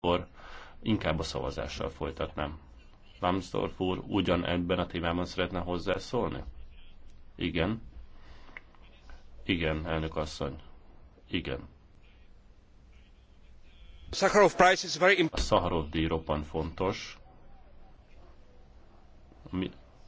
akkor inkább a szavazással folytatnám. Lambsdorff úr ugyan ebben a témában szeretne hozzászólni? Igen. Igen, elnök asszony. Igen. Sakharov price is very a Szaharov díj roppant fontos.